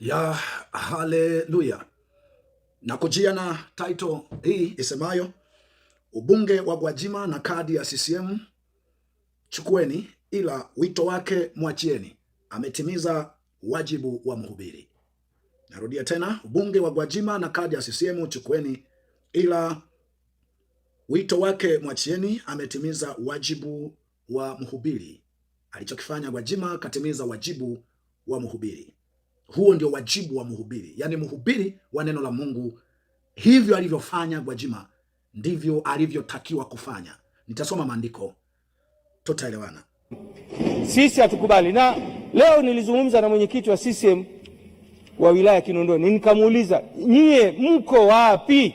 ya haleluya na kujia na title hii isemayo ubunge wa Gwajima na kadi ya CCM chukueni, ila wito wake mwachieni, ametimiza wajibu wa mhubiri. Narudia tena, ubunge wa Gwajima na kadi ya CCM chukueni, ila wito wake mwachieni, ametimiza wajibu wa mhubiri. Alichokifanya Gwajima katimiza wajibu wa mhubiri. Huo ndio wajibu wa mhubiri, yaani mhubiri wa neno la Mungu. Hivyo alivyofanya Gwajima ndivyo alivyotakiwa kufanya. Nitasoma maandiko, tutaelewana. Sisi hatukubali, na leo nilizungumza na mwenyekiti wa CCM wa wilaya Kinondoni, nikamuuliza nyie, mko wapi?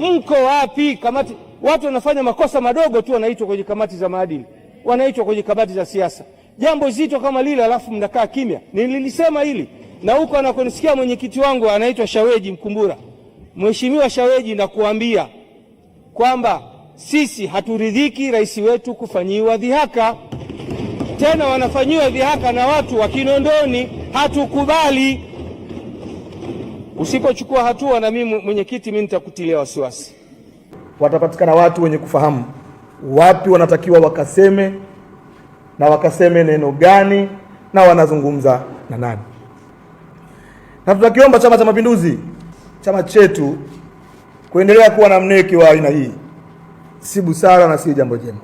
Mko wapi kamati? Watu wanafanya makosa madogo tu, wanaitwa kwenye kamati za maadili, wanaitwa kwenye kamati za siasa jambo zito kama lile, alafu mnakaa kimya. Nililisema hili na huko anakonisikia mwenyekiti wangu anaitwa Shaweji Mkumbura. Mheshimiwa Shaweji, nakuambia kwamba sisi haturidhiki rais wetu kufanyiwa dhihaka, tena wanafanyiwa dhihaka na watu wa Kinondoni, hatukubali. Usipochukua hatua, na mimi mwenyekiti, mimi nitakutilia wasiwasi. Watapatikana watu wenye kufahamu wapi wanatakiwa wakaseme na wakaseme neno gani na wanazungumza na nani. Na tunakiomba Chama cha Mapinduzi, chama chetu, kuendelea kuwa na mneki wa aina hii si busara na si jambo jema.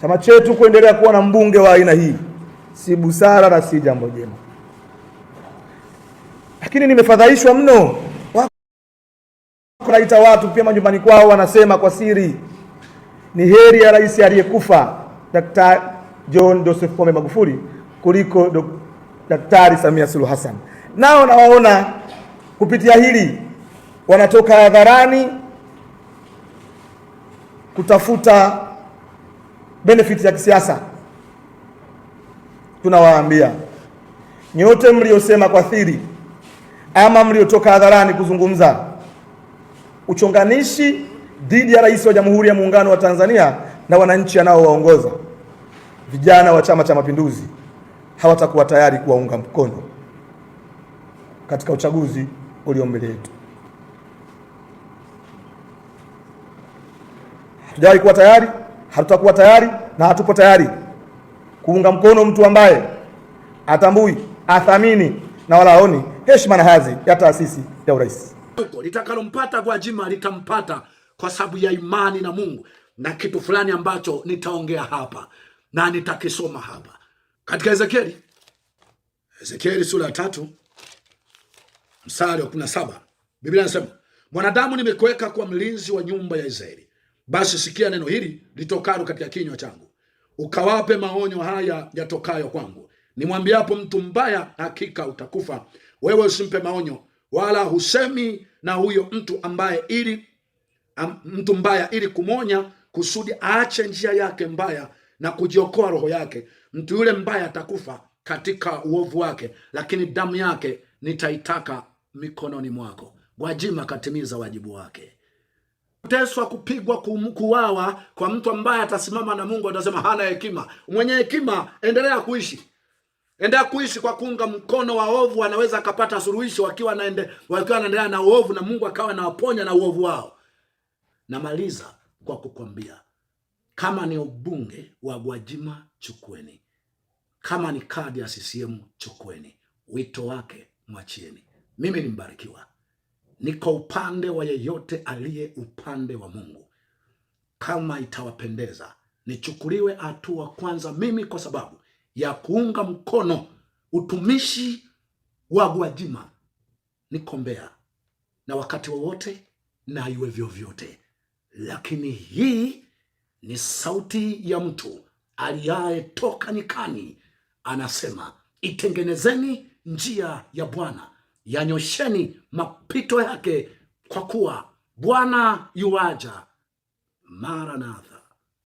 Chama chetu kuendelea kuwa na mbunge wa aina hii si busara na si jambo jema, lakini nimefadhaishwa mno kunaita watu pia majumbani kwao, wanasema kwa siri, ni heri ya rais aliyekufa Daktari John Joseph Pombe Magufuli kuliko Daktari Samia Suluhu Hassan. Nao nawaona kupitia hili wanatoka hadharani kutafuta benefit ya kisiasa. Tunawaambia nyote mliosema kwa siri ama mliotoka hadharani kuzungumza uchonganishi dhidi ya rais wa Jamhuri ya Muungano wa Tanzania na wananchi anaowaongoza vijana wa Chama cha Mapinduzi hawatakuwa tayari kuwaunga mkono katika uchaguzi ulio mbele yetu. Hatujawahi kuwa tayari, hatutakuwa tayari na hatupo tayari kuunga mkono mtu ambaye atambui, athamini na wala aoni heshima na hadhi ya taasisi ya urais. Litakalompata Gwajima litampata kwa sababu ya imani na Mungu na kitu fulani ambacho nitaongea hapa na nitakisoma hapa katika Ezekieli, Ezekieli sura ya tatu mstari wa kumi na saba Biblia inasema mwanadamu, nimekuweka kwa mlinzi wa nyumba ya Israeli, basi sikia neno hili litokalo katika kinywa changu, ukawape maonyo haya yatokayo kwangu. Nimwambiapo mtu mbaya, hakika utakufa, wewe usimpe maonyo, wala husemi na huyo mtu ambaye ili am, mtu mbaya ili kumwonya, kusudi aache njia yake mbaya na kujiokoa roho yake. Mtu yule mbaya atakufa katika uovu wake, lakini damu yake nitaitaka mikononi mwako. Gwajima akatimiza wajibu wake. Kuteswa, kupigwa, kuuawa kwa mtu ambaye atasimama na Mungu atasema hana hekima. Mwenye hekima endelea kuishi, endea kuishi kwa kuunga mkono wa ovu anaweza akapata suluhisho wakiwa anaendelea na uovu, na Mungu akawa anawaponya na uovu wao. Namaliza kwa kukwambia kama ni ubunge wa Gwajima chukueni, kama ni kadi ya CCM chukueni. Wito wake mwachieni. Mimi ni Mbarikiwa, niko upande wa yeyote aliye upande wa Mungu. Kama itawapendeza nichukuliwe hatua kwanza mimi kwa sababu ya kuunga mkono utumishi wa Gwajima, niko Mbeya na wakati wowote na iwe vyovyote, lakini hii ni sauti ya mtu toka nyikani, anasema itengenezeni njia ya Bwana, yanyosheni mapito yake, kwa kuwa Bwana yuaja. Maranatha.